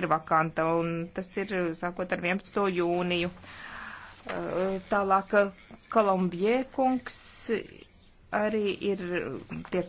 ir vakanta, un tas ir sākot ar 11. jūniju. Eh, tālāk Kolumbie kungs arī ir tiek